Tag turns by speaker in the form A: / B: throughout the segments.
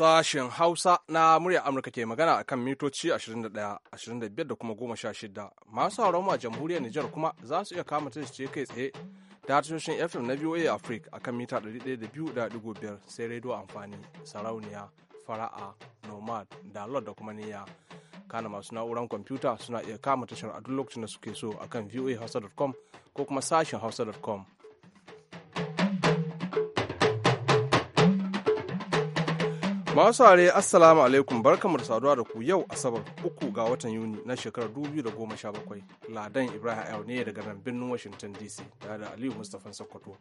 A: Sashen Hausa na murya Amurka ke magana a kan mitoci 21, 25 da kuma 16. Masu sauraron a jamhuriyar Nijar kuma za su iya kama ta ce kai tsaye da tashoshin FM na VOA Africa a kan mita 102.5 sai rediyo amfani, sarauniya, fara'a, nomad, download da kuma niyya. Kana masu na'uran kwamfuta suna iya kama tashar a duk lokacin da suke so a kan voahausa.com ko kuma sashen hausa.com. Masu are Assalamu alaikum barkamu da saduwa da ku yau Asabar uku ga watan Yuni na shekarar 2017 Ladan Ibrahim Ayo ne daga nan birnin Washington DC da da Aliyu Mustapha Sokoto.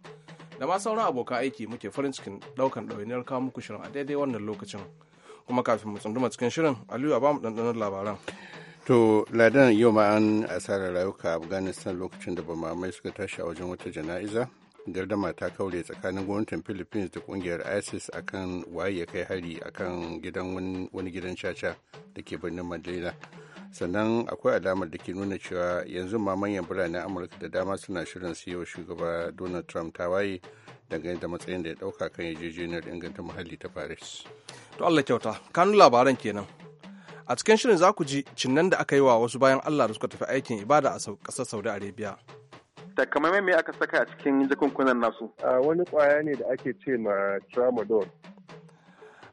A: Da ma sauran abokan aiki muke farin cikin daukan ɗawainiyar kawo muku shirin a daidai wannan lokacin. Kuma kafin mu tsunduma cikin shirin Aliyu
B: a bamu ɗanɗanon labaran. To Ladan yau ma an asarar rayuka Afghanistan lokacin da bamamai suka tashi a wajen wata jana'iza gardama ta kaure tsakanin gwamnatin philippines da kungiyar isis a kan waye ya kai hari akan gidan wani gidan caca da ke birnin madina sannan akwai alamar da ke nuna cewa yanzu ma manyan biranen amurka da dama suna shirin siyo shugaba donald trump ta waye dangane da matsayin da ya dauka kan yarjejeniyar inganta muhalli ta paris to allah kyauta kanun labaran kenan
A: a cikin shirin za ku ji cinnan da aka yi wa wasu bayan allah da suka tafi aikin ibada a kasar saudi arabia
C: takamaiman me aka saka a cikin jakunkunan nasu wani kwaya ne da ake ce ma tramadol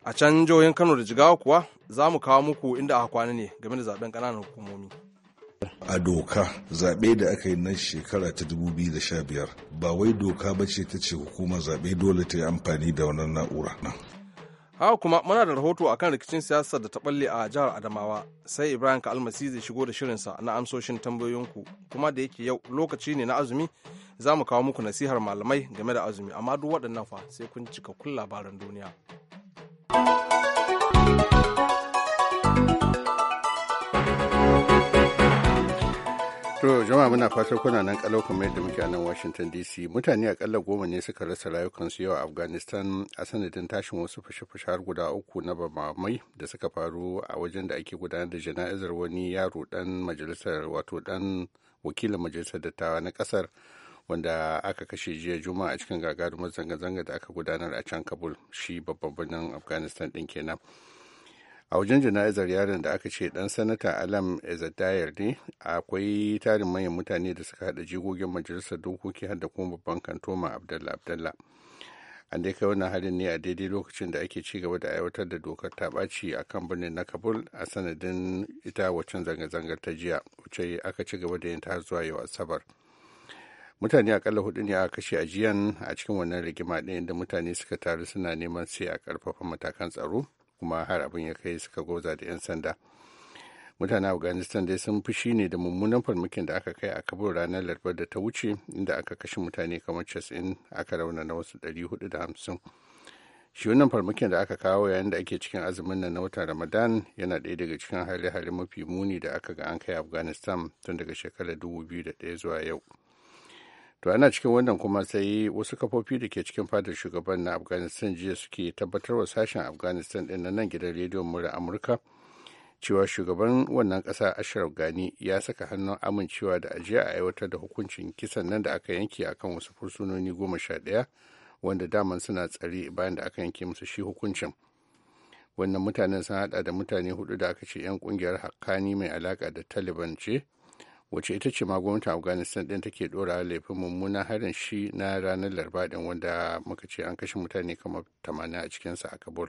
A: a can jihohin kano da jigawa kuwa za mu kawo muku inda aka kwana ne game da zaben ƙananan hukumomi
D: a doka zaɓe da aka yi nan shekara ta 2015 ba wai doka ba ce ta ce hukumar zaɓe dole ta yi amfani da wannan na'ura
A: haka kuma muna da rahoto a kan rikicin siyasar da ta balle a jihar adamawa sai ibrahim ka almasi zai shigo da sa na amsoshin tambayoyinku kuma da yake yau lokaci ne na azumi za mu kawo muku nasihar malamai game da azumi amma duk waɗannan fa sai kun cika kun labaran duniya.
B: To jama'a muna fatar kuna nan kalau kamar yadda muke a nan Washington DC. Mutane akalla goma ne suka rasa rayukansu yau a Afghanistan a sanadin tashin wasu fashe-fashe har guda uku na bamamai da suka faru a wajen da ake gudanar da jana'izar wani yaro dan majalisar wato dan wakilin majalisar dattawa na kasar wanda aka kashe jiya juma'a a cikin gagarumar zanga-zanga da aka gudanar a can Kabul shi babban birnin Afghanistan din kenan. a wajen jana'izar yaron da aka ce dan sanata alam ezadayar ne akwai tarin manyan mutane da suka hada jigogin majalisar dokoki har da kuma babban kantoma abdallah abdallah an dai kai wannan halin ne a daidai lokacin da ake ci gaba da aiwatar da dokar ta ɓaci a kan birnin na kabul a sanadin ita waccan zanga-zangar ta jiya wacce aka ci gaba da yin ta zuwa yau asabar mutane akalla hudu ne aka kashe ajiyan a cikin wannan rigima ɗaya da mutane suka taru suna neman sai a ƙarfafa matakan tsaro kuma har abin ya kai suka goza da 'yan sanda mutanen afghanistan dai sun fushi ne da mummunan farmakin da aka kai a kabul ranar larabar da ta wuce inda aka kashe mutane kamar 90 aka rauna na wasu 450 shi wannan farmakin da aka kawo yayin da ake cikin azumin nan na watan ramadan yana ɗaya daga cikin hali-hali mafi muni da aka ga an kai afghanistan tun daga shekarar 2001 zuwa yau to ana cikin wannan kuma sai wasu kafofi da ke cikin fadar shugaban na afghanistan jiya suke wa sashen afghanistan din na nan gidan rediyon murar amurka cewa shugaban wannan ƙasa ashraf gani ya saka hannun amincewa da ajiya a aiwatar da hukuncin kisan nan da aka yanke akan wasu fursunoni goma sha ɗaya wanda daman suna tsare bayan da aka yanke musu shi hukuncin wannan mutanen sun hada da mutane hudu da aka ce 'yan kungiyar hakani mai alaka da taliban ce wacce ita ce ma gwamnatin afghanistan ɗin take ɗora laifin mummunan harin shi na ranar larba ɗin wanda muka ce an kashe mutane kamar tamanin a cikinsa a kabul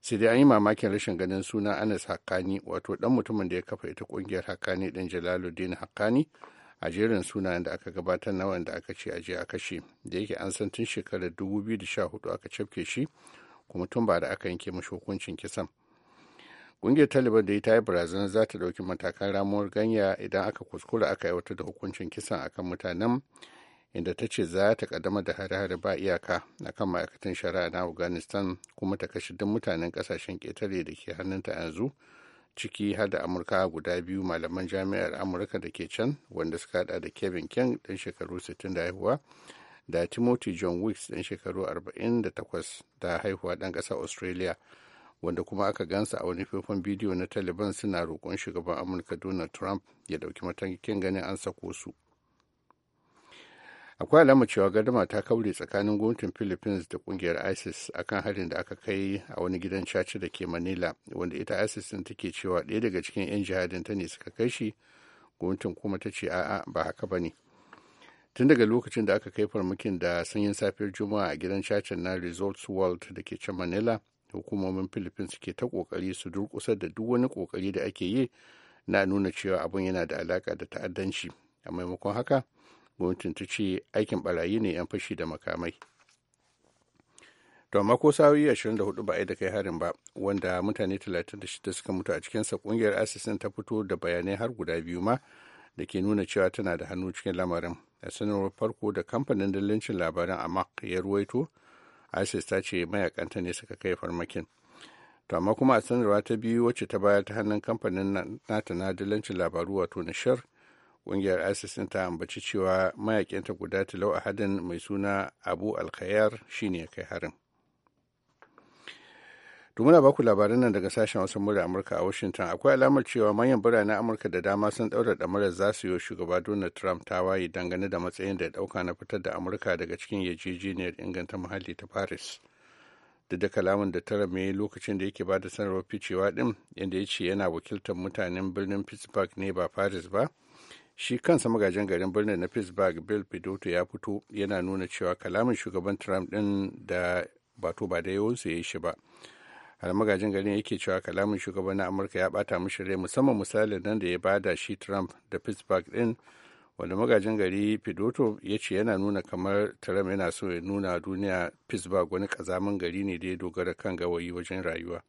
B: sai dai an yi mamakin rashin ganin suna anas hakani wato ɗan mutumin da ya kafa ita ƙungiyar hakani ɗin jalaluddin hakani a jerin sunayen da aka gabatar na wanda aka ce aje a kashe da yake an san tun shekarar 2014 aka cafke shi kuma tun ba da aka yanke mashi hukuncin kisan ƙungiyar taliban da ta yi barazana za ta ɗauki matakan ramuwar ganya idan aka kuskura aka aiwatar da hukuncin kisan akan mutanen inda ta ce za ta kaddamar da hare-hare ba iyaka a kan ma'aikatan shari'a na afghanistan kuma ta kashe duk mutanen kasashen ƙetare da ke hannunta yanzu ciki har da amurka guda biyu malaman jami'ar amurka da ke can wanda suka hada da kevin king ɗan shekaru 60 da haihuwa da timothy john wicks ɗan shekaru 48 da haihuwa ɗan ƙasar australia wanda kuma aka gansa a wani faifan bidiyo na taliban suna roƙon shugaban amurka donald trump ya ɗauki matakin ganin an sako su akwai alama cewa gardama ta kaure tsakanin gwamnatin philippines da kungiyar isis akan harin da aka kai a wani gidan caci da ke manila wanda ita isis din take cewa ɗaya daga cikin 'yan jihadin ta ne suka kai shi gwamnatin kuma ta ce a'a ba haka ba ne tun daga lokacin da aka kai farmakin da sanyin safiyar juma'a a gidan cacin na resorts world da ke can manila hukumomin philippines ke ta kokari su durkusa da duk wani kokari da ake yi na nuna cewa abun yana da alaka da ta'addanci a maimakon haka gwamnatin ta ce aikin barayi ne 'yan fashi da makamai to amma ko sa'o'i 24 ba a yi da kai harin ba wanda mutane 36 suka mutu a cikinsa kungiyar asisin ta fito da bayanai har guda biyu ma da ke nuna cewa tana da hannu cikin lamarin a sanarwar farko da kamfanin dillancin labaran amak ya ruwaito isis ta ce mayakanta ne suka kai farmakin to amma kuma a sanarwa ta biyu wacce ta bayar ta hannun kamfanin nata na dilancin labaru wato nishar ƙungiyar isis ta ambaci cewa mayakinta guda talau a hadin mai suna abu alkhayar shine ya kai harin To muna baku labaran nan daga sashen wasan murya Amurka a Washington. Akwai alamar cewa manyan biranen Amurka da dama sun ɗaura ɗamarar za su yi shugaba Donald Trump ta waye dangane da matsayin da ya ɗauka na fitar da Amurka daga cikin yarjejeniyar inganta muhalli ta Paris. Duk da kalamin da tara mai lokacin da yake bada sanarwar ficewa din inda ya ce yana wakiltar mutanen birnin Pittsburgh ne ba Paris ba. Shi kansa magajin garin birnin na Pittsburgh Bill Pidoto ya fito yana nuna cewa kalamin shugaban Trump din da bato ba da yawansu ya yi shi ba. har magajin garin yake cewa kalamin shugaban na amurka ya bata mishi rai musamman misalin nan da ya bada shi trump da pittsburgh din wanda magajin gari fidoto ya ce yana nuna kamar trump yana so ya nuna duniya pittsburgh wani kazamin gari ne da ya dogara kan gawayi wajen rayuwa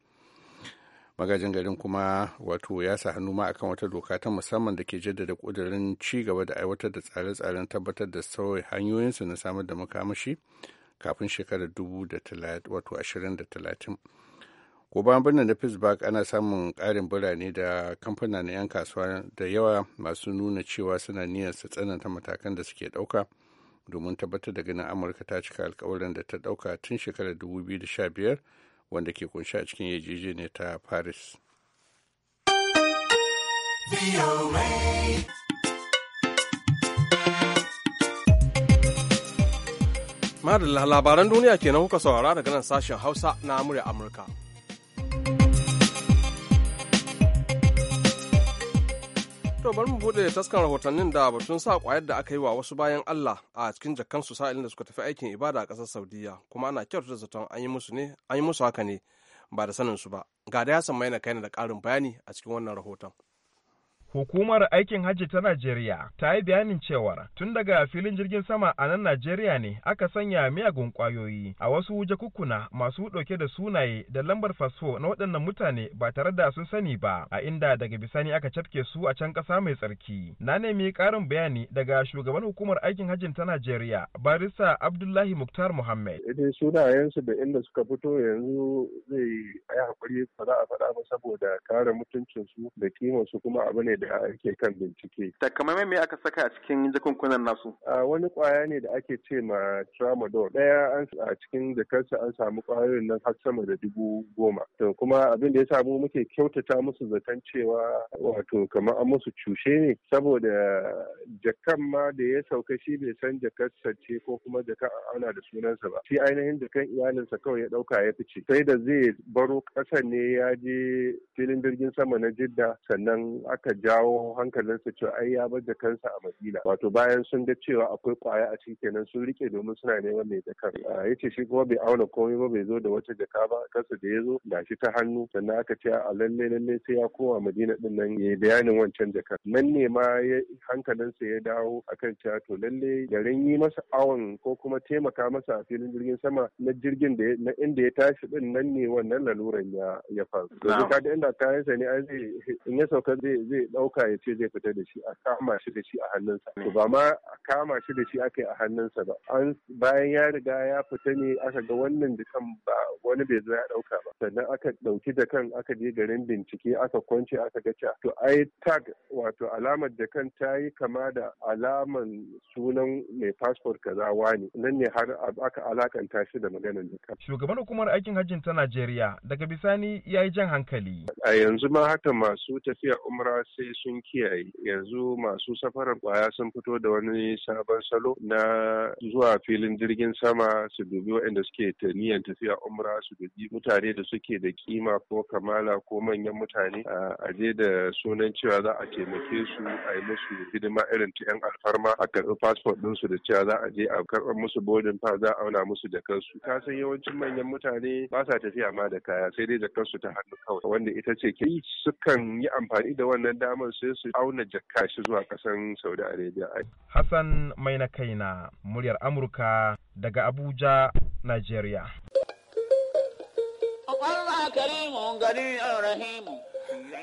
B: magajin garin kuma wato ya sa hannu ma akan wata doka ta musamman da ke jaddada kudirin ci gaba da aiwatar da tsare-tsaren tabbatar da sauyi hanyoyinsu na samar da makamashi kafin shekarar 2030 ko bayan birnin na pittsburgh ana samun karin birane da kamfuna na 'yan kasuwa da yawa masu nuna cewa suna niyyar su tsananta matakan da suke ɗauka domin tabbatar da ganin amurka ta cika alkawarin da ta ɗauka tun shekarar 2015 wanda ke kunshi a cikin yarjejeniyar ta paris
A: Madalla labaran duniya kenan kuka saurara daga nan sashen Hausa na murya Amurka. To bari mu bude taskan rahotannin da batun sa kwayar da aka yi wa wasu bayan Allah a cikin jakan su sa'ilin da suka tafi aikin ibada a ƙasar Saudiya kuma ana da zaton an yi musu ne an yi musu haka ne ba da sanin su ba. Ga da ya san mai na kai da ƙarin bayani a cikin wannan rahoton.
E: Hukumar aikin hajji ta Najeriya ta yi bayanin cewar tun daga filin jirgin sama a nan Najeriya ne aka sanya miyagun kwayoyi a wasu kukuna, masu ɗauke da sunaye da lambar fasfo na waɗannan mutane ba tare da sun sani ba a inda daga bisani aka cafke su a can ƙasa mai tsarki. Na nemi ƙarin bayani daga shugaban hukumar aikin hajjin ta Najeriya barista Abdullahi Muktar Muhammad.
C: Idan sunayensu da inda suka fito yanzu zai yi hakuri ba za a faɗa ba saboda kare mutuncinsu da kimansu kuma abu ne da ake kan bincike.
E: Takamaiman me aka saka a cikin
D: jakunkunan nasu?
C: wani kwaya ne da ake ce ma tramadol. Ɗaya a cikin jakarsa an samu kwayoyin nan har sama da dubu goma. To kuma abin da ya samu muke kyautata musu zaton cewa wato kamar an musu cushe ne saboda jakan ma da ya sauka shi bai san jakarsa ce ko kuma jakan ana da sunansa ba. Shi ainihin jakan iyalinsa kawai ya ɗauka ya fice. Sai da zai baro ƙasar ne ya je filin jirgin sama na Jidda sannan aka ja jawo hankalinsa cewa ai ya bar jakansa a madina wato bayan sun ga cewa akwai kwaya a ciki kenan sun rike domin suna neman mai jakan ya ce shi kuma bai auna komai ba bai zo da wata jaka ba kansa da ya zo Da shi ta hannu sannan aka ce a lalle lalle sai ya koma madina din nan ya bayanin wancan jakar. nan ne ma hankalinsa ya dawo akan cewa to lalle garin yi masa awon ko kuma taimaka masa a filin jirgin sama na jirgin da na inda ya tashi din nan ne wannan laluran ya ya faru. da inda kayansa ne an zai in ya sauka zai zai ɗauka ya ce zai fita da shi a kama shi da shi a hannunsa to mm. ba ma a kama shi da shi aka yi a hannunsa ba an bayan ya riga ya fita ne aka ga wannan da kan ba wani bai zo ya ɗauka ba sannan aka ɗauki da kan aka je garin bincike aka kwance aka ga to ai tag wato alamar da kan ta yi kama da alaman sunan mai fasfor kaza ne. nan ne har aka alakanta shi da maganar da
E: shugaban hukumar aikin hajjin ta Najeriya daga bisani ya yi jan hankali
C: a yanzu ma haka masu tafiya umra sai sun kiyaye yanzu masu safarar kwaya sun fito da wani sabon salo na zuwa filin jirgin sama su dubi waɗanda suke ta niyyar tafiya umra su dubi mutane da suke da kima ko kamala ko manyan mutane a je da sunan cewa za a taimake su a yi musu hidima irin ta 'yan alfarma a karɓi fasfot ɗinsu da cewa za a je a karɓar musu bodin fa za a auna musu da kansu ka san yawancin manyan mutane ba sa tafiya ma da kaya sai dai da kansu ta hannu kawai wanda ita ce ke sukan yi amfani da wannan dama naman sai su auna jakka shi zuwa kasan saudi arabia
E: hassan mai na kaina muryar amurka daga abuja nigeria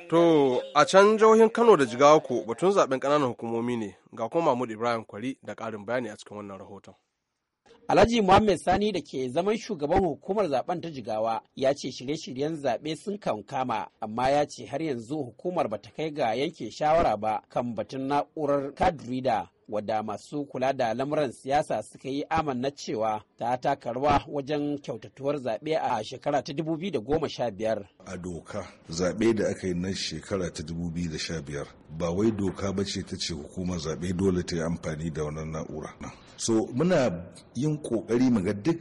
A: To a can jihohin Kano da Jigawa ko batun zaben ƙananan hukumomi ne ga kuma Mahmud Ibrahim
F: Kwari da ƙarin bayani a cikin wannan rahoton. Alhaji Muhammad Sani da ke zaman shugaban hukumar zaben ta Jigawa ya ce shirye-shiryen zaɓe sun kankama, amma ya ce har yanzu hukumar bata kai ga yanke shawara ba kan batun na'urar kadrida wadda masu kula da lamuran siyasa suka yi amanna cewa ta taka rawa wajen kyautatuwar zaɓe a shekara ta 2015.
D: A doka zaɓe da aka yi na
E: shekara ta 2015 ba wai doka ba ce ta ce hukumar zaɓe dole ta yi amfani da wannan na'ura so muna yin ƙoƙari mu ga duk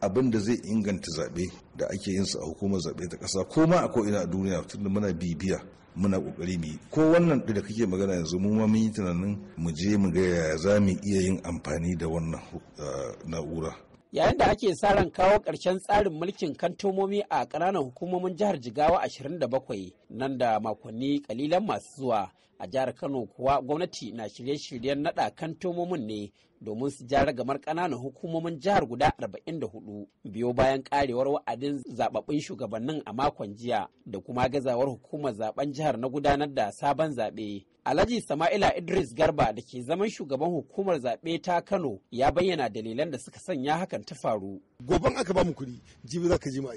E: abin da zai
D: inganta zaɓe da ake yin su a hukumar zaɓe ta ƙasa ko ma a ko'ina a duniya tun da muna bibiya muna ƙoƙari mu ko wannan da kake magana yanzu mu ma mun yi tunanin mu je mu ga yaya za mu iya yin amfani da wannan eh, na'ura
F: yayin da ake sa ran kawo ƙarshen tsarin mulkin kantomomi a ƙananan hukumomin jihar jigawa 27 nan da makonni kalilan masu zuwa a jihar kano kuwa gwamnati na shirye-shiryen naɗa kan tomomin ne domin su jara gamar kananan hukumomin jihar guda 44 biyo bayan karewar wa'adin zababbin shugabannin a makon jiya da kuma gazawar hukumar zaben jihar na gudanar da sabon zaɓe alhaji sama'ila idris garba da ke zaman shugaban hukumar zaɓe ta kano ya bayyana dalilan da suka sanya hakan ta faru goban aka ba mu kuɗi
G: jibi za ka ji ma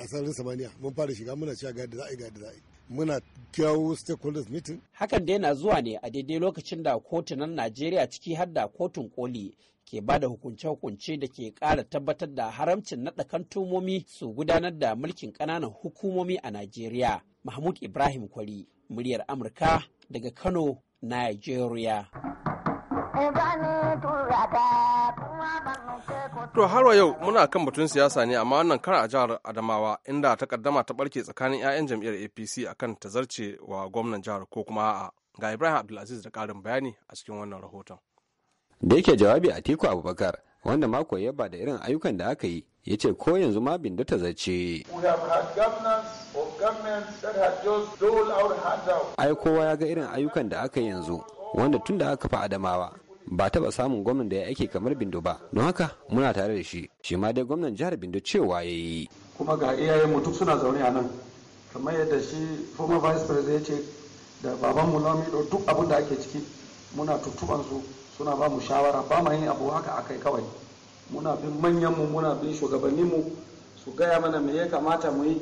G: a sararin samaniya mun fara shiga muna cewa ga da za a yi ga da za yi muna kyawo stakeholders meeting.
F: Hakan dai na zuwa ne a daidai lokacin da kotunan Najeriya ciki har da kotun koli ke ba da hukunce-hukunce da ke ƙara tabbatar da haramcin naɗa tumomi su gudanar da mulkin ƙananan hukumomi a Najeriya. Mahmud Ibrahim Kwari, muryar Amurka daga Kano, Najeriya. Eh, To har yau muna kan batun siyasa
A: ne amma wannan kara a jihar Adamawa inda takaddama ta barke tsakanin 'ya'yan jam'iyyar APC akan tazarce wa gwamnan jihar ko kuma a Ga Ibrahim Abdulaziz da karin bayani a cikin wannan rahoton.
H: Da yake jawabi a Tiku Abubakar wanda mako ya ba da irin ayyukan da aka yi ya ce ko yanzu ma binda ta zace. Ai kowa ya ga irin ayyukan da aka yi yanzu wanda tun da aka fa Adamawa ba taba samun gwamnan da ya aiki kamar bindo ba don haka muna tare da shi shi ma dai gwamnan jihar bindo
E: cewa ya yi kuma ga iyayen mu duk suna zaune a nan kamar yadda shi former vice president ya ce da babanmu mu lamido duk abin da ake ciki muna tuttuban su suna ba mu shawara ba ma yin abu haka akai kawai muna bin manyan mu muna bin shugabannin mu su gaya mana me ya kamata mu yi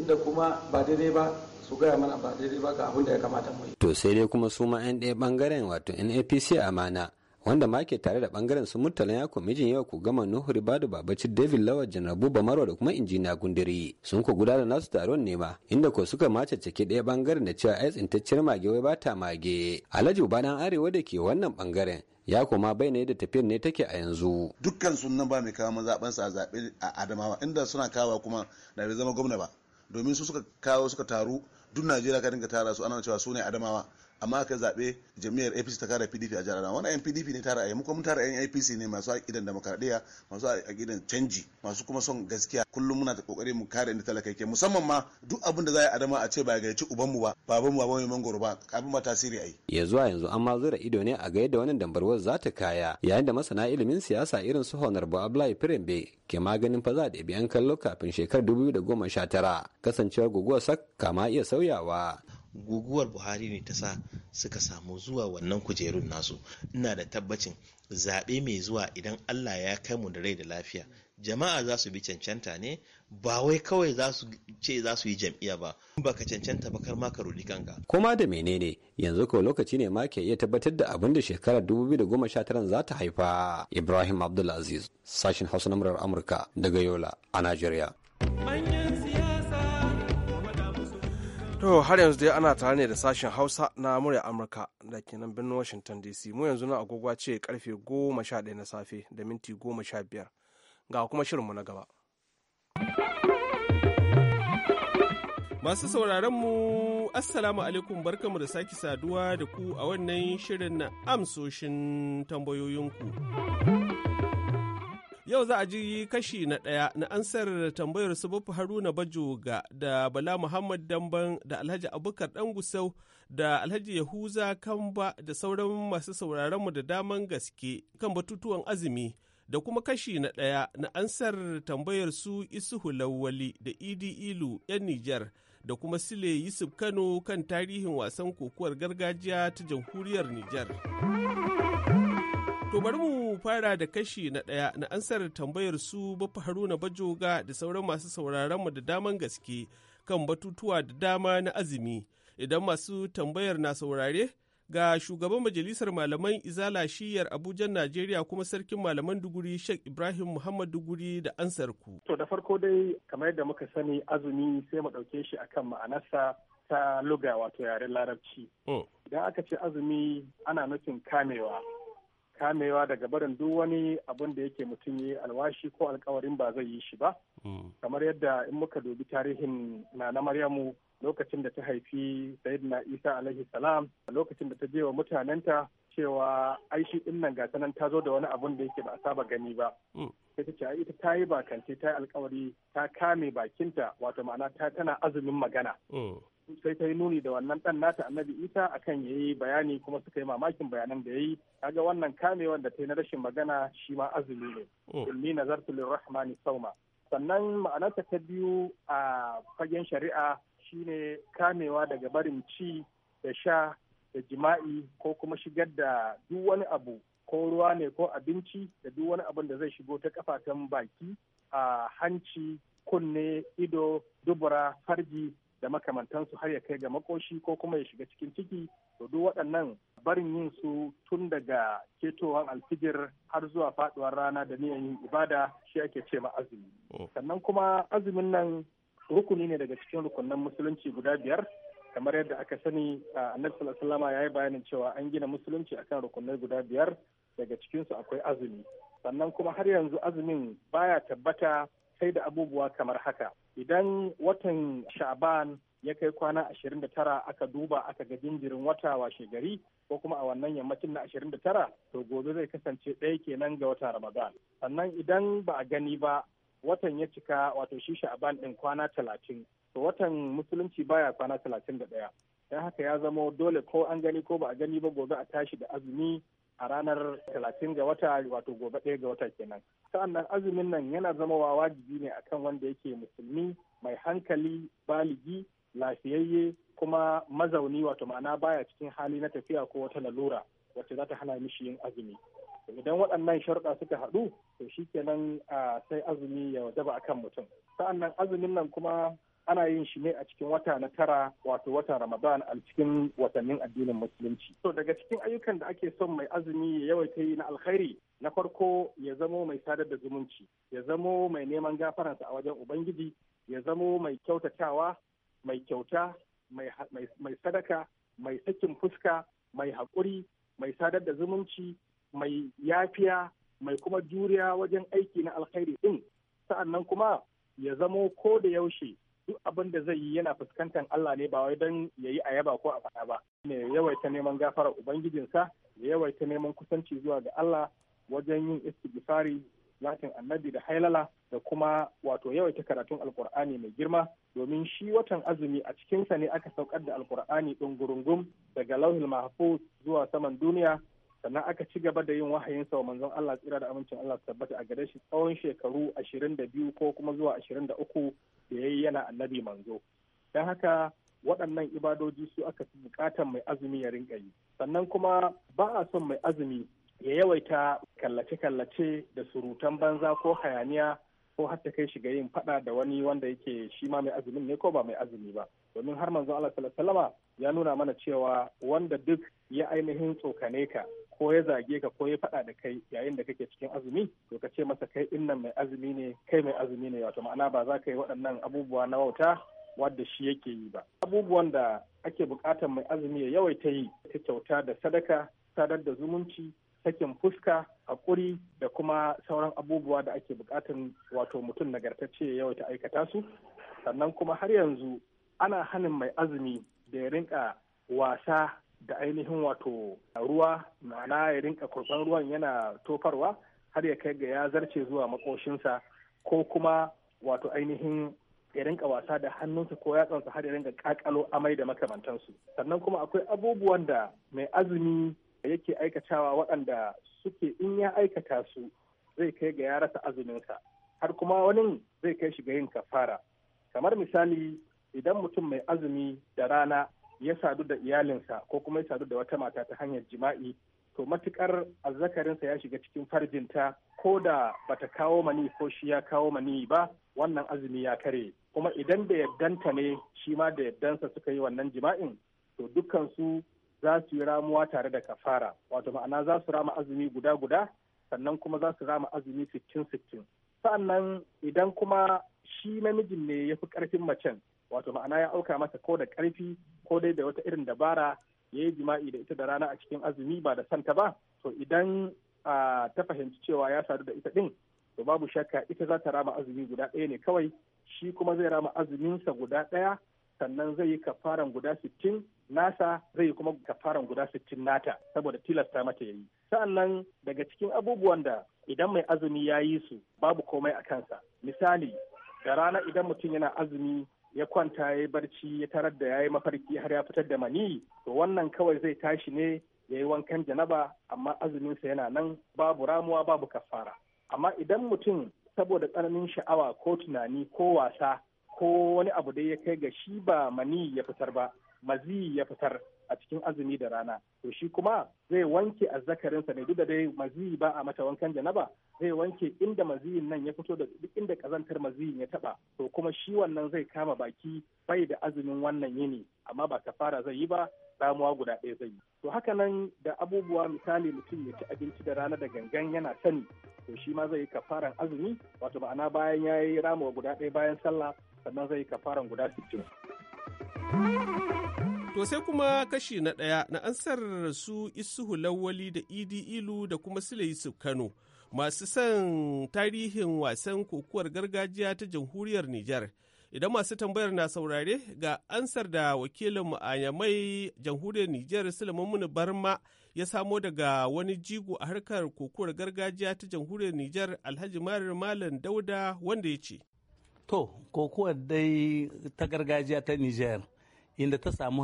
E: inda kuma ba daidai ba su gaya mana ba daidai ba ga abin da ya kamata mu yi.
H: To sai dai kuma su ma ɗaya bangaren wato NAPC amana wanda ma ke tare da bangaren su murtala ya mijin yau ku gama nuhu ribadu babaci david lawa janar buba marwa da kuma injiniya gundiri sun ku da nasu taron ne ma inda ko suka ma caccake daya bangaren da cewa ai tsintaccen mage wai bata mage alhaji ubanan arewa da ke wannan bangaren ya koma bai ne da tafiyar ne take a yanzu
D: dukkan sun nan ba mai kawo mazaɓen su a zaɓe a adamawa inda suna kawo kuma da bai zama gwamna ba domin su suka kawo suka taru duk najeriya ka dinga tara su ana cewa su ne adamawa amma aka zaɓe jami'ar apc ta kara pdp a jihar wani yan pdp ne tara mu kuma tara yan apc ne masu aƙidan demokaradiyya masu aƙidan canji masu kuma son gaskiya kullum muna ta kokari mu kare inda talaka yake musamman ma duk abin da za a adama a ce ba gaici uban mu ba baban mu ba mai mangoro ba abin ma tasiri ai
H: ya zuwa yanzu an ma zura ido ne a ga yadda wannan dambarwar za ta kaya yayin da masana ilimin siyasa irin su honar ba Abdullahi Firembe ke maganin fa za da bi an kallo kafin shekarar tara kasancewar guguwar sak kama iya sauyawa
D: guguwar buhari ne ta sa suka samu zuwa wannan kujerun nasu ina da tabbacin zaɓe mai zuwa idan allah ya kai mu da rai da lafiya jama'a za su bi cancanta ne ba wai kawai za su ce za su yi jam'iyya ba baka cancanta ba kar ma ka rudi kanka
H: Kuma da menene yanzu ko lokaci ne ma ke iya tabbatar da abin da shekarar 2019 za ta haifa ibrahim abdulaziz sashin hausa na murar amurka daga yola a najeriya To har yanzu
A: dai ana tare ne da sashen Hausa na murya Amurka da ke nan birnin Washington DC. Mu yanzu na agogwa ce karfe goma sha ɗaya na safe da minti goma sha biyar. Ga kuma shirinmu na gaba.
D: Masu sauraron mu Assalamu alaikum barkanmu da sake saduwa da ku a wannan shirin na amsoshin tambayoyinku. Yau za a ji kashi na ɗaya na ansar tambayar su Bafu Haruna ga da Bala Muhammad Damban da Alhaji Abubakar gusau da Alhaji Yahuza Kamba da sauran masu mu da daman gaske kan batutuwan azumi da kuma kashi na ɗaya na ansar tambayar su Isuhu Lawali da Idi Ilu 'yan Nijar da kuma Sile Yusuf Kano kan tarihin wasan kokuwar gargajiya ta jamhuriyar Nijar. To bari mu fara da kashi na ɗaya na ansar tambayar su bafa haruna bajoga da sauran masu sauraron mu da daman gaske kan batutuwa da dama na azumi. Idan masu tambayar na saurare ga shugaban majalisar malaman izala shiyar Abuja Najeriya kuma sarkin malaman duguri Sheikh Ibrahim Muhammad duguri da ansar ku.
G: To da farko dai kamar yadda muka sani azumi sai mu ɗauke shi akan ma'anarsa ta luga wato yaren larabci. Oh. Idan aka ce azumi ana nufin kamewa. kamewa daga barin duk wani abin da yake mutum yi alwashi ko alkawarin ba zai yi shi ba hmm. kamar yadda in muka dubi tarihin na na maryamu lokacin da ta haifi na isa alaihi salam lokacin da ta je wa mutanenta cewa aishi shi din nan gata nan ta zo da wani abun da yake ba a saba gani ba hmm. sai ta ce ai ita ta yi bakance ta yi alkawari ta kame bakinta wato ma'ana ta tana azumin magana hmm. sai ta yi nuni da wannan ɗan nata annabi isa akan ya yi bayani kuma suka yi mamakin bayanan da ya yi kaga wannan kamewan da ta yi na rashin magana shi ma azumi ne oh. ilmi nazartu rahmani sauma sannan ma'anarta ta biyu a fagen shari'a shine kamewa daga barin ci da sha da jima'i ko kuma shigar da duk wani abu ko ruwa ne ko abinci da duk wani abin da zai shigo ta kafatan baki a hanci kunne ido dubura farji da makamantansu har ya kai ga makoshi ko kuma ya shiga cikin ciki to duk waɗannan barin yin su tun daga ketowar alfijir har zuwa faɗuwar rana da niyan yin ibada shi ake ce ma azumi oh. sannan kuma azumin nan rukuni ne daga cikin rukunan musulunci guda biyar kamar yadda aka sani annabi sallallahu alaihi ya yi bayanin cewa an gina musulunci akan rukunai guda biyar daga cikinsu akwai azumi sannan kuma har yanzu azumin baya tabbata sai da abubuwa kamar haka idan watan sha'ban ya kai kwana ashirin da tara aka duba aka ga jinjirin wata washe gari ko kuma a wannan yammacin na ashirin da tara to gobe zai kasance ɗaya kenan ga wata ramadan sannan idan ba a gani ba watan ya cika wato shi shaban ɗin kwana talatin to watan musulunci baya kwana talatin da ɗaya don haka ya zama dole ko an gani ko ba a gani ba gobe a tashi da azumi a ranar 30 ga wata wato gobe ɗaya ga wata kenan sa'annan azumin nan yana zama wa wajibi ne akan wanda yake musulmi mai hankali baligi lafiyayye kuma mazauni wato ma'ana baya cikin hali na tafiya ko wata lalura wacce za ta hana mishi yin azumi idan waɗannan sharuɗa suka haɗu to shi kenan sai azumi ya a akan mutum sa'annan azumin nan kuma ana yin shi ne a cikin wata na tara wato watan ramadan a cikin watannin addinin musulunci to daga cikin ayyukan da ake son mai azumi ya yawaita yi na alkhairi na farko ya zamo mai sadar da zumunci ya zamo mai neman gafaransa a wajen ubangiji ya zamo mai kyautatawa mai kyauta mai sadaka mai sakin fuska mai haƙuri mai sadar da zumunci mai yafiya mai kuma juriya wajen aiki na alkhairi din sa'annan kuma ya zamo ko da yaushe duk abin da zai yi yana fuskantar Allah ne ba wai don ya yi ayaba ko a faɗa ba ne yawaita neman gafara ubangijinsa ya yawaita neman kusanci zuwa ga Allah wajen yin istighfari latin annabi da hailala da kuma wato yawaita karatun alkur'ani mai girma domin shi watan azumi a cikinsa ne aka saukar da alkur'ani ɗin gurungum daga lauhil mahfuz zuwa saman duniya sannan aka ci gaba da yin wahayin sa wa manzon Allah tsira da amincin Allah tabbata a gare shi tsawon shekaru 22 ko kuma zuwa ashirin da uku da yayi yana annabi manzo don haka waɗannan ibadoji su aka fi buƙatar mai azumi ya rinka yi sannan kuma ba a son mai azumi ya yawaita kallace-kallace da surutan banza ko hayaniya ko har ta kai shi ga yin faɗa da wani wanda yake shi ma mai azumin ne ko ba mai azumi ba domin har manzon Allah sallallahu alaihi ya nuna mana cewa wanda duk ya ainihin tsokane ka ko ya zage ka ko ya faɗa da kai yayin da kake cikin azumi to ka ce masa kai innan mai azumi ne kai mai azumi ne wato ma'ana ba za ka yi waɗannan abubuwa na wauta wadda shi yake yi ba abubuwan da ake buƙatar mai azumi ya yawaita yi ta kyauta da sadaka sadar da zumunci sakin fuska haƙuri da kuma sauran abubuwa da ake buƙatar wato mutum nagartacce ya yawaita aikata su sannan kuma har yanzu ana hanin mai azumi da ya rinka wasa da ainihin wato ruwa ma'ana ya rinka kurban ruwan yana tofarwa har ya kai ga ya zarce zuwa makoshinsa ko kuma wato ainihin ya rinka wasa da hannunsa ko yatsansa har ya rinka kakalo amai da makamantansu sannan kuma akwai abubuwan da mai azumi yake aikatawa waɗanda suke in ya aikata su zai kai ga ya rasa azuminsa har kuma wani zai kai shi ga yin kafara kamar misali idan mutum mai azumi da rana ya sadu da iyalinsa ko kuma ya sadu da wata mata ta hanyar jima'i to matukar azzakarinsa ya shiga cikin farjinta ko da bata kawo mani ko shi ya kawo mani ba wannan azumi ya kare kuma idan da yaddanta ne shi ma da yaddansa suka yi wannan jima'in to dukkan su za su yi ramuwa tare da kafara wato ma'ana za su rama azumi guda guda sannan kuma za su rama azumi sittin sittin sa'annan idan kuma shi namijin ne ya fi karfin macen wato ma'ana ya auka masa ko da ƙarfi ko dai da wata irin dabara ya yi jima'i da ita da rana a cikin azumi ba da santa ba to idan ta fahimci cewa ya sadu da ita din to babu shakka ita za ta rama azumi guda ɗaya ne kawai shi kuma zai rama azuminsa guda ɗaya sannan zai yi kafaran guda sittin nasa zai yi kuma kafaran guda sittin nata saboda tilasta mata ya yi sa'annan daga cikin abubuwan da idan mai azumi ya yi su babu komai a kansa misali da rana idan mutum yana azumi ya kwanta ya yi barci ya tarar da ya yi mafarki har ya fitar da mani to wannan kawai zai tashi ne ya yi wankan janaba amma azuminsa yana nan babu ramuwa babu kafara amma idan mutum saboda tsananin sha'awa ko tunani ko wasa ko wani abu dai ya kai ga shi ba mani ya fitar ba mazi ya fitar a cikin azumi da rana to shi kuma zai wanke azzakarinsa ne duk da dai mazi ba a mata wankan janaba zai wanke inda maziyin nan ya fito da duk inda kazantar maziyin ya taba to kuma shi wannan zai kama baki bai da azumin wannan yini amma ba fara zai yi ba ramuwa guda ɗaya zai yi to haka nan da abubuwa misali mutum ya ci abinci da rana da gangan yana sani to shi ma zai yi kafaran azumi wato ma'ana bayan ya yi ramuwa guda ɗaya bayan sallah sannan zai yi kafaran guda sittin.
D: To sai kuma kashi na ɗaya na ansar su Isuhu Lawali da Idi Ilu da kuma Sule Yusuf Kano masu son tarihin wasan kokuwar gargajiya ta jamhuriyar Nijar. Idan masu tambayar na saurare ga ansar da wakilin a Yamai jamhuriyar Nijar Sulaiman Barma ya samo daga wani jigo a harkar kokuwar gargajiya ta jamhuriyar Nijar Alhaji Marir Malam Dauda wanda ya ce.
I: To, kokuwar dai ta gargajiya ta Nijar inda ta samu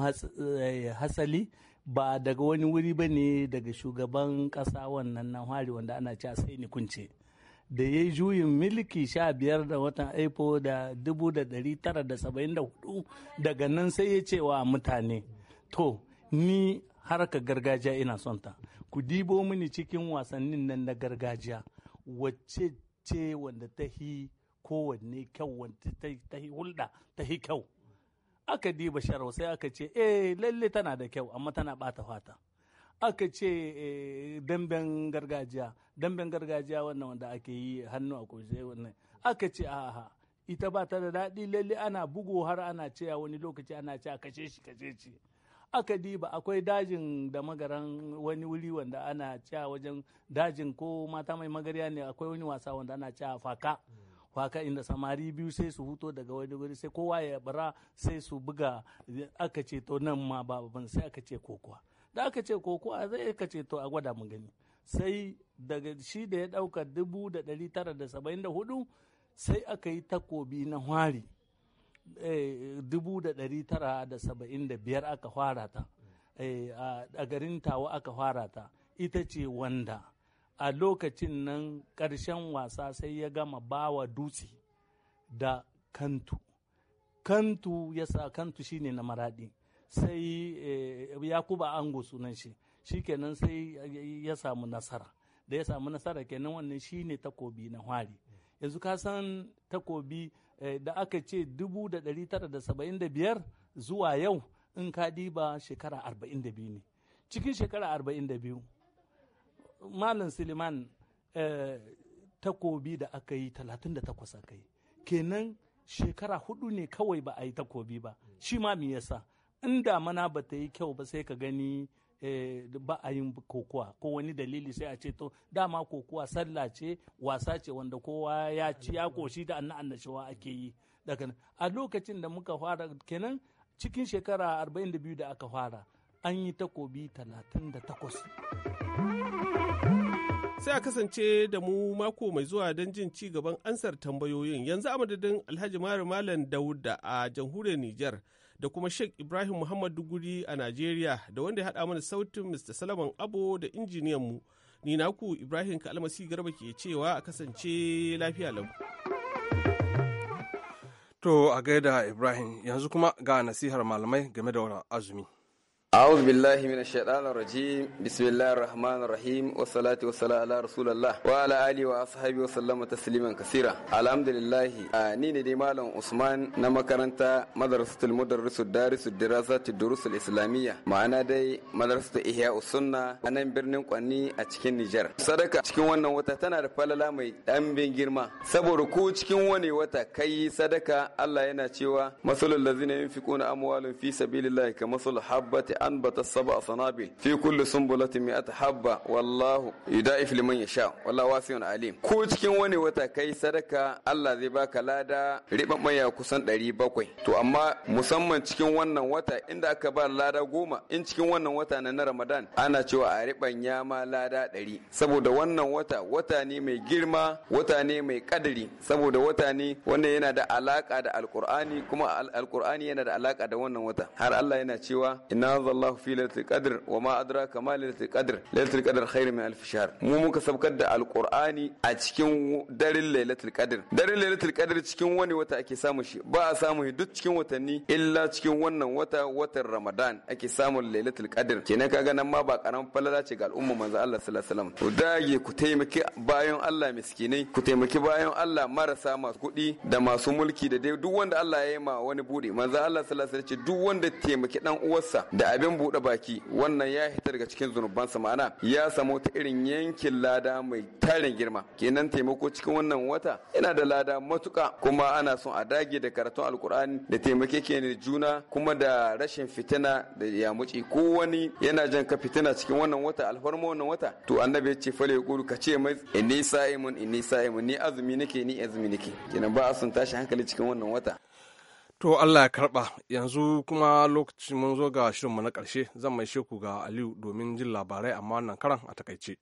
I: eh, hasali ba daga wani wuri ba ne daga shugaban ƙasa wannan nan hari wanda ana ci sai ni kunce da ya yi juyin miliki sha biyar da watan aipo da dubu da dari tara da saba'in da hudu daga nan sai ya ce wa mutane to ni harka gargajiya ina son ta ku dibo mini cikin wasannin nan na gargajiya wacce ce wanda ta hi kowanne kyau wanda ta hi hulɗa ta hi kyau aka diba sharau sai aka ce eh lalle tana da kyau amma tana bata fata aka ce eh, damben gargajiya damben gargajiya wannan wanda ake yi hannu a kushe wannan aka ce ha ita ba ta da daɗi lalle ana bugu har ana cewa wani lokaci ana cewa kashe shi kashe shi aka diba akwai dajin da magaran wani wuri wanda ana cewa wajen dajin ko mata mai magarya ne akwai wani wasa wanda ana cewa faka kwaka inda samari biyu sai su huto daga wani guri sai kowa ya bara sai su buga aka ce to nan ma ba ban sai aka ce kokowa da aka ce kokowa zai aka ce to a gwada mu gani sai daga shi da ya dauka dubu da dari tara da saba'in da hudu sai aka yi takobi na hwari eh, dubu da dari tara da saba'in da biyar aka fara ta eh, a garin tawa aka fara ta ita ce wanda a lokacin nan ƙarshen wasa sai ya gama bawa dutse da kantu kantu ya sa kantu shine na maraɗi sai ya eh, yakuba ango sunan shi shikenan sai ya samu nasara da ya samu nasara kenan wannan shine takobi na hwari yanzu ka san takobi eh, da aka ce 1975 zuwa yau in ka diba shekara 42 ne cikin shekara 42 malam suleiman eh, takobi da aka yi 38 aka yi kenan shekara hudu ne kawai ba a yi takobi ba shi ma me yasa inda mana ba ta yi kyau ba sai ka gani eh, ba a yin kokowa ko wani dalili sai a ce to dama kokowa sallah ce wasa ce wanda kowa ya ci ya koshi da anna annashawa ake yi daga a lokacin da muka fara kenan cikin shekara 42 da aka fara an yi takobi 38
D: sai a kasance da mu mako mai zuwa don jin ci gaban ansar tambayoyin yanzu a madadin alhaji mari malam dauda a jamhuriyar niger da kuma sheikh ibrahim muhammad guri a nigeria da wanda ya haɗa mana sautin mr salaman abu da injiniyan mu ni naku ibrahim kalmasi garba ke cewa a kasance lafiya lau
A: to a gaida ibrahim yanzu kuma ga nasihar malamai game da azumi
E: أعوذ بالله من الشيطان الرجيم بسم الله الرحمن الرحيم والصلاة والسلام على رسول الله وعلى آله وأصحابه وسلم تسليما كثيرا الحمد لله نيني دي مالون عثمان نما كرنتا مدرسة المدرس الدارس الدراسات الدروس الإسلامية معنا دي مدرسة إحياء السنة أنا برنم قني أتكين نيجر صدقة cikin wannan wata tana da falala mai ɗanbin girma saboda ko cikin wani wata kai sadaka Allah yana cewa masalul ladzina yunfiquna amwalahum fi sabilillahi kamasul habbati anbata saba sanabil fi kulli sunbulati mi'at habba wallahu yudaif liman yasha wallahu wasi'un alim. ko cikin wani wata kai sadaka Allah zai baka lada riɓaɓɓaya kusan ɗari bakwai to amma musamman cikin wannan wata inda aka ba lada goma in cikin wannan wata na na Ramadan ana cewa a ya ma lada ɗari saboda wannan wata wata ne mai girma wata ne mai kadari saboda wata ne wannan yana da alaka da alqur'ani kuma alqur'ani yana da alaka da wannan wata har Allah yana cewa inna anzalallahu fi lailatul qadr wa ma adraka ma lailatul qadr lailatul qadr khairu min alf shahr muka sabkar da alqur'ani a cikin daren lailatul qadr daren lailatul qadr cikin wani wata ake samu shi ba a samu duk cikin watanni illa cikin wannan wata watan ramadan ake samun lailatul qadr kenan kaga nan ma ba karamin falala ce ga al'umma manzo Allah sallallahu alaihi wasallam to dage ku taimaki bayan Allah miskinai ku taimaki bayan Allah marasa masu kuɗi da masu mulki da dai duk wanda Allah ya yi ma wani bude manzo Allah sallallahu alaihi wasallam duk wanda taimaki dan uwarsa da abin abin buɗe baki wannan ya hita daga cikin zunubansa ma'ana ya samu ta irin yankin lada mai tarin girma kenan taimako cikin wannan wata yana da lada matuka kuma ana son a dage da karatun alkur'ani da taimake kenan juna kuma da rashin fitina da yamuci ko wani yana jan ka fitina cikin wannan wata alfarma wannan wata to annabi ya ce fale yaqulu ka ce mai inni sa'imun inni sa'imun ni azumi nake ni azumi nake kenan ba a son tashi hankali cikin wannan wata
A: To Allah ya karba yanzu kuma lokaci mun zo ga shirinmu na ƙarshe zan mai sheku ga Aliyu domin jin labarai amma wannan karan a takaice.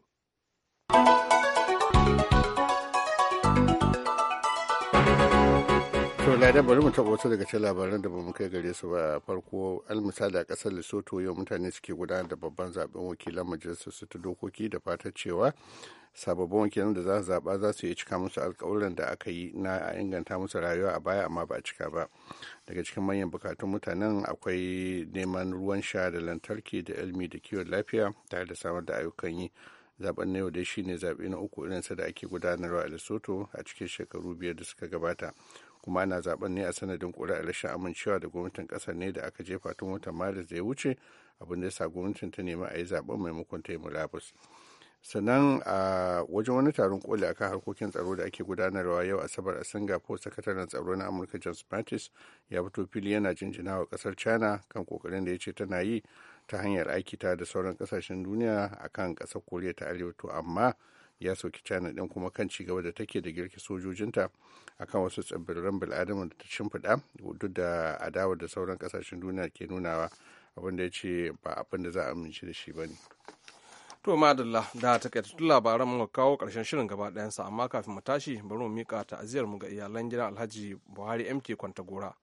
D: To
B: ladan bari mu taɓa wasu daga cikin labaran da mu kai gare su ba a farko almisali a kasar Lesotho yau mutane suke gudanar da babban zaben wakilan majalisar su ta dokoki da fatar cewa sababbin wakilan da za su zaɓa za su iya cika musu alƙawuran da aka yi na a inganta musu rayuwa a baya amma ba a cika ba daga cikin manyan bukatun mutanen akwai neman ruwan sha da lantarki da ilmi da kiwon lafiya tare da samar da ayyukan yi zaɓen na yau dai shine zaɓe na uku irinsa da ake gudanarwa a lesotho a cikin shekaru biyar da suka gabata kuma ana zaben ne a sanadin ƙuri'ar rashin amincewa da gwamnatin ƙasar ne da aka jefa tun watan maris da ya wuce abin da yasa gwamnatin ta nemi a yi zaben maimakon ta yi murabus sannan a wajen wani taron koli akan harkokin tsaro da ake gudanarwa yau asabar a singapore sakataren tsaro na amurka john mattis ya fito fili yana jinjina wa kasar china kan kokarin da ya ce tana yi ta hanyar aiki ta da sauran kasashen duniya akan kasar koriya ta arewa to amma ya soki china din kuma kan cigaba da take da girki sojojinta a kan wasu tsibirin bil'adama da ta shimfiɗa duk da adawar da sauran kasashen duniya ke nunawa abin da ya ce ba abin da za a amince da shi ba ne to
A: madalla da takaitattun labaran muka kawo karshen shirin gaba ɗayansa amma kafin mu tashi bari mu mika ta'aziyar mu ga iyalan gidan alhaji buhari mt gora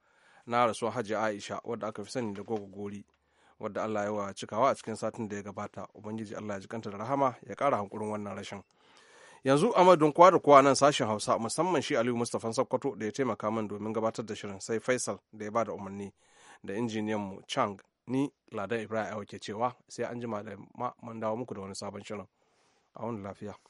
A: na rasu hajji aisha wadda aka fi sani da gogo gori wadda Allah ya wa cikawa a cikin satin da ya gabata Ubangiji Allah ya jikanta da rahama ya kara hankurin wannan rashin. yanzu a madun kowa da kowa nan sashen hausa musamman shi aliyu mustapha sakkwato da ya taimaka min domin gabatar da shirin sai faisal da ya bada umarni da injiniyan mu chang ni ladan ibrahim ke cewa sai an jima da ma dawo muku da wani sabon shirin a wani lafiya